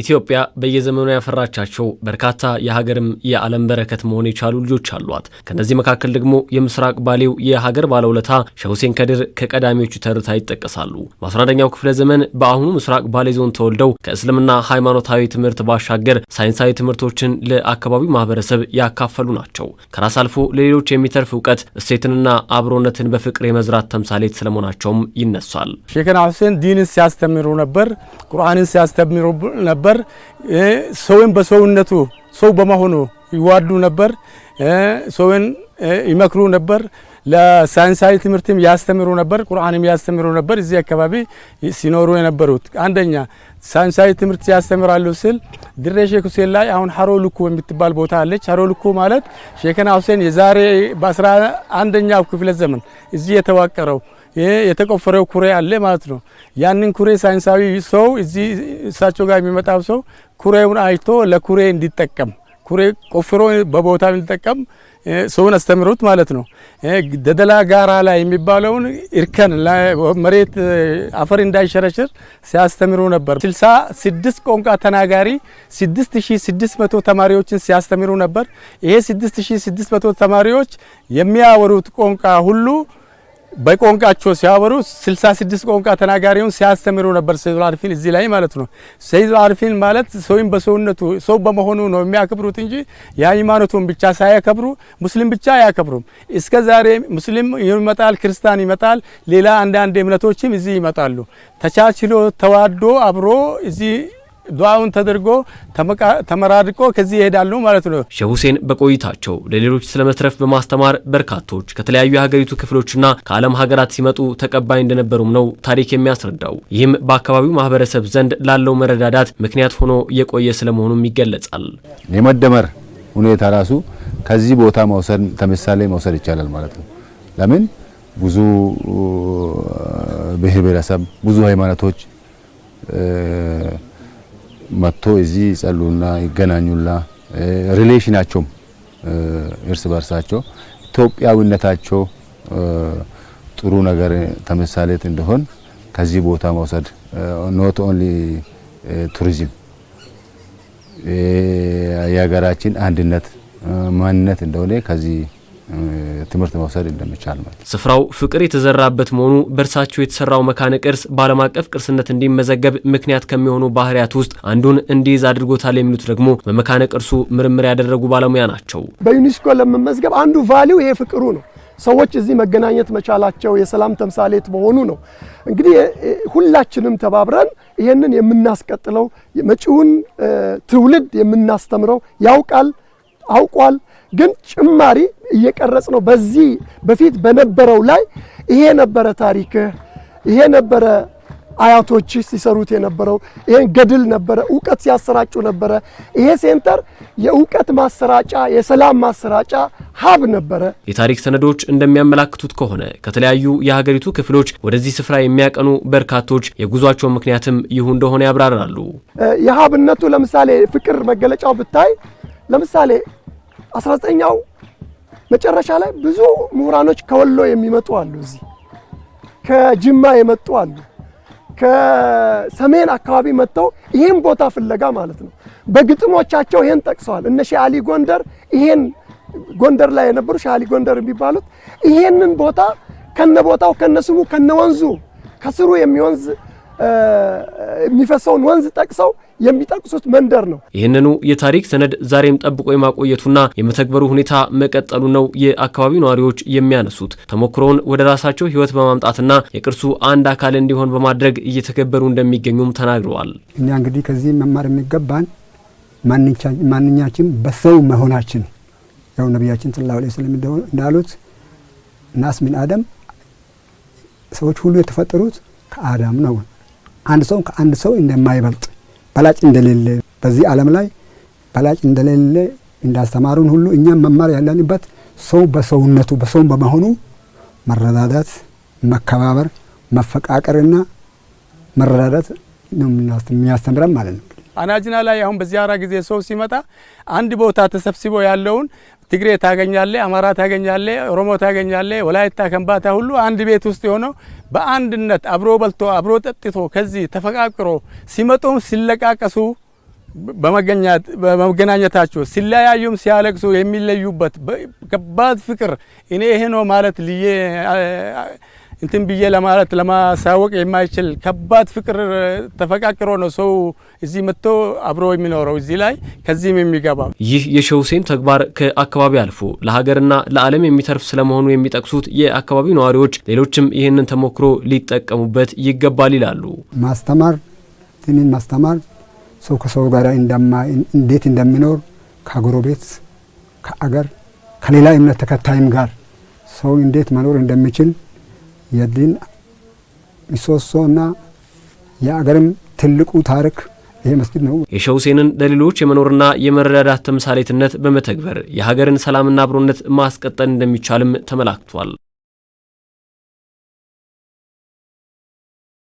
ኢትዮጵያ በየዘመኑ ያፈራቻቸው በርካታ የሀገርም የዓለም በረከት መሆን የቻሉ ልጆች አሏት። ከእነዚህ መካከል ደግሞ የምስራቅ ባሌው የሀገር ባለውለታ ሼህ ሁሴን ከድር ከቀዳሚዎቹ ተርታ ይጠቀሳሉ። በ11ኛው ክፍለ ዘመን በአሁኑ ምስራቅ ባሌ ዞን ተወልደው ከእስልምና ሃይማኖታዊ ትምህርት ባሻገር ሳይንሳዊ ትምህርቶችን ለአካባቢው ማህበረሰብ ያካፈሉ ናቸው። ከራስ አልፎ ለሌሎች የሚተርፍ እውቀት እሴትንና አብሮነትን በፍቅር የመዝራት ተምሳሌት ስለመሆናቸውም ይነሳል። ሼክና ሁሴን ዲንን ሲያስተምሩ ነበር። ቁርአንን ሲያስተምሩ ነበር ነበር። ሰውን በሰውነቱ ሰው በመሆኑ ይዋዱ ነበር። ሰውን ይመክሩ ነበር። ለሳይንሳዊ ትምህርትም ያስተምሩ ነበር፣ ቁርአንም ያስተምሩ ነበር። እዚህ አካባቢ ሲኖሩ የነበሩት አንደኛ ሳይንሳዊ ትምህርት ያስተምራሉ ስል ድሬ ሼክ ሁሴን ላይ አሁን ሀሮ ልኩ የምትባል ቦታ አለች። ሀሮ ልኩ ማለት ሼክና ሁሴን የዛሬ በአስራ አንደኛው ክፍለ ዘመን እዚህ የተዋቀረው የተቆፈረው ኩሬ አለ ማለት ነው። ያንን ኩሬ ሳይንሳዊ ሰው እዚህ እሳቸው ጋር የሚመጣው ሰው ኩሬውን አይቶ ለኩሬ እንዲጠቀም ኩሬ ቆፍሮ በቦታ ቢጠቀም ሰውን አስተምሩት ማለት ነው። ደደላ ጋራ ላይ የሚባለውን እርከን መሬት አፈር እንዳይሸረሽር ሲያስተምሩ ነበር። 66 ቋንቋ ተናጋሪ 6600 ተማሪዎችን ሲያስተምሩ ነበር። ይሄ 6600 ተማሪዎች የሚያወሩት ቋንቋ ሁሉ በቋንቋቸው ሲያወሩ 66 ቋንቋ ተናጋሪውን ሲያስተምሩ ነበር። ሰይድ አርፊን እዚህ ላይ ማለት ነው። ሰይድ አርፊን ማለት ሰውን በሰውነቱ ሰው በመሆኑ ነው የሚያከብሩት እንጂ የሃይማኖቱን ብቻ ሳያከብሩ ሙስሊም ብቻ አያከብሩም። እስከ ዛሬ ሙስሊም ይመጣል፣ ክርስቲያን ይመጣል፣ ሌላ አንዳንድ እምነቶችም እዚህ ይመጣሉ። ተቻችሎ ተዋዶ አብሮ እዚህ ዱአውን ተደርጎ ተመራርቆ ከዚህ ይሄዳሉ ማለት ነው። ሼህ ሁሴን በቆይታቸው ለሌሎች ስለ መትረፍ በማስተማር በርካቶች ከተለያዩ የሀገሪቱ ክፍሎችና ከዓለም ሀገራት ሲመጡ ተቀባይ እንደነበሩም ነው ታሪክ የሚያስረዳው። ይህም በአካባቢው ማህበረሰብ ዘንድ ላለው መረዳዳት ምክንያት ሆኖ የቆየ ስለመሆኑም ይገለጻል። የመደመር ሁኔታ ራሱ ከዚህ ቦታ መውሰድ ተምሳሌ መውሰድ ይቻላል ማለት ነው። ለምን ብዙ ብሔር ብሔረሰብ ብዙ ሃይማኖቶች መጥቶ እዚህ ይጸሉና ይገናኙላ ሪሌሽናቸውም እርስ በርሳቸው ኢትዮጵያዊነታቸው ጥሩ ነገር ተምሳሌት እንደሆን ከዚህ ቦታ መውሰድ ኖት ኦንሊ ቱሪዝም የሀገራችን አንድነት ማንነት እንደሆነ ከዚህ ትምህርት መውሰድ እንደሚቻል ማለት ስፍራው ፍቅር የተዘራበት መሆኑ በእርሳቸው የተሰራው መካነ ቅርስ በዓለም አቀፍ ቅርስነት እንዲመዘገብ ምክንያት ከሚሆኑ ባህሪያት ውስጥ አንዱን እንዲይዝ አድርጎታል የሚሉት ደግሞ በመካነ ቅርሱ ምርምር ያደረጉ ባለሙያ ናቸው። በዩኒስኮ ለመመዝገብ አንዱ ቫሊው ይሄ ፍቅሩ ነው። ሰዎች እዚህ መገናኘት መቻላቸው የሰላም ተምሳሌት መሆኑ ነው። እንግዲህ ሁላችንም ተባብረን ይሄንን የምናስቀጥለው መጪውን ትውልድ የምናስተምረው ያውቃል፣ አውቋል ግን ጭማሪ እየቀረጽ ነው። በዚህ በፊት በነበረው ላይ ይሄ ነበረ ታሪክህ፣ ይሄ ነበረ አያቶች ሲሰሩት የነበረው ይሄን ገድል ነበረ፣ እውቀት ሲያሰራጩ ነበረ። ይሄ ሴንተር የእውቀት ማሰራጫ፣ የሰላም ማሰራጫ ሀብ ነበረ። የታሪክ ሰነዶች እንደሚያመላክቱት ከሆነ ከተለያዩ የሀገሪቱ ክፍሎች ወደዚህ ስፍራ የሚያቀኑ በርካቶች የጉዟቸው ምክንያትም ይሁ እንደሆነ ያብራራሉ። የሀብነቱ ለምሳሌ ፍቅር መገለጫው ብታይ ለምሳሌ 19ኛው መጨረሻ ላይ ብዙ ምሁራኖች ከወሎ የሚመጡ አሉ፣ እዚህ ከጅማ የመጡ አሉ፣ ከሰሜን አካባቢ መጥተው ይህን ቦታ ፍለጋ ማለት ነው። በግጥሞቻቸው ይህን ጠቅሰዋል። እነ ሼህ አሊ ጎንደር ይሄን ጎንደር ላይ የነበሩ ሼህ አሊ ጎንደር የሚባሉት ይሄንን ቦታ ከነ ቦታው ከነ ስሙ ከነ ወንዙ ከስሩ የሚወንዝ የሚፈሰውን ወንዝ ጠቅሰው የሚጠቅሱት መንደር ነው። ይህንኑ የታሪክ ሰነድ ዛሬም ጠብቆ የማቆየቱና የመተግበሩ ሁኔታ መቀጠሉ ነው የአካባቢው ነዋሪዎች የሚያነሱት። ተሞክሮውን ወደ ራሳቸው ሕይወት በማምጣትና የቅርሱ አንድ አካል እንዲሆን በማድረግ እየተገበሩ እንደሚገኙም ተናግረዋል። እኛ እንግዲህ ከዚህ መማር የሚገባን ማንኛችን በሰው መሆናችን ያው ነቢያችን ሰለላሁ ዐለይሂ ወሰለም እንዳሉት ናስ ሚን አደም ሰዎች ሁሉ የተፈጠሩት ከአዳም ነው። አንድ ሰው ከአንድ ሰው እንደማይበልጥ በላጭ እንደሌለ በዚህ ዓለም ላይ በላጭ እንደሌለ እንዳስተማሩን ሁሉ እኛም መማር ያለንበት ሰው በሰውነቱ በሰው በመሆኑ መረዳዳት፣ መከባበር፣ መፈቃቀርና መረዳዳት ነው የሚያስተምረን ማለት ነው። አናጅና ላይ አሁን በዚህ አራ ጊዜ ሰው ሲመጣ አንድ ቦታ ተሰብስቦ ያለውን ትግሬ ታገኛለ፣ አማራ ታገኛለ፣ ኦሮሞ ታገኛለ፣ ወላይታ፣ ከምባታ ሁሉ አንድ ቤት ውስጥ የሆነው በአንድነት አብሮ በልቶ አብሮ ጠጥቶ ከዚህ ተፈቃቅሮ ሲመጡም ሲለቃቀሱ በመገናኘታቸው ሲለያዩም ሲያለቅሱ የሚለዩበት ከባድ ፍቅር እኔ ይሄ ነው ማለት ልዬ እንትን ብዬ ለማለት ለማሳወቅ የማይችል ከባድ ፍቅር ተፈቃቅሮ ነው ሰው እዚህ መጥቶ አብሮ የሚኖረው እዚህ ላይ ከዚህም የሚገባው ይህ የሼህ ተግባር ከአካባቢ አልፎ ለሀገርና ለዓለም የሚተርፍ ስለመሆኑ የሚጠቅሱት የአካባቢው ነዋሪዎች ሌሎችም ይህንን ተሞክሮ ሊጠቀሙበት ይገባል ይላሉ። ማስተማር ትንን ማስተማር ሰው ከሰው ጋር እንዴት እንደሚኖር ከጎረቤት፣ ከአገር፣ ከሌላ እምነት ተከታይም ጋር ሰው እንዴት መኖር እንደሚችል የዲን ምሰሶና የአገርም ትልቁ ታሪክ ይሄ መስጊድ ነው። የሸህ ሁሴንን ለሌሎች የመኖርና የመረዳዳት ተምሳሌትነት በመተግበር የሀገርን ሰላምና አብሮነት ማስቀጠል እንደሚቻልም ተመላክቷል።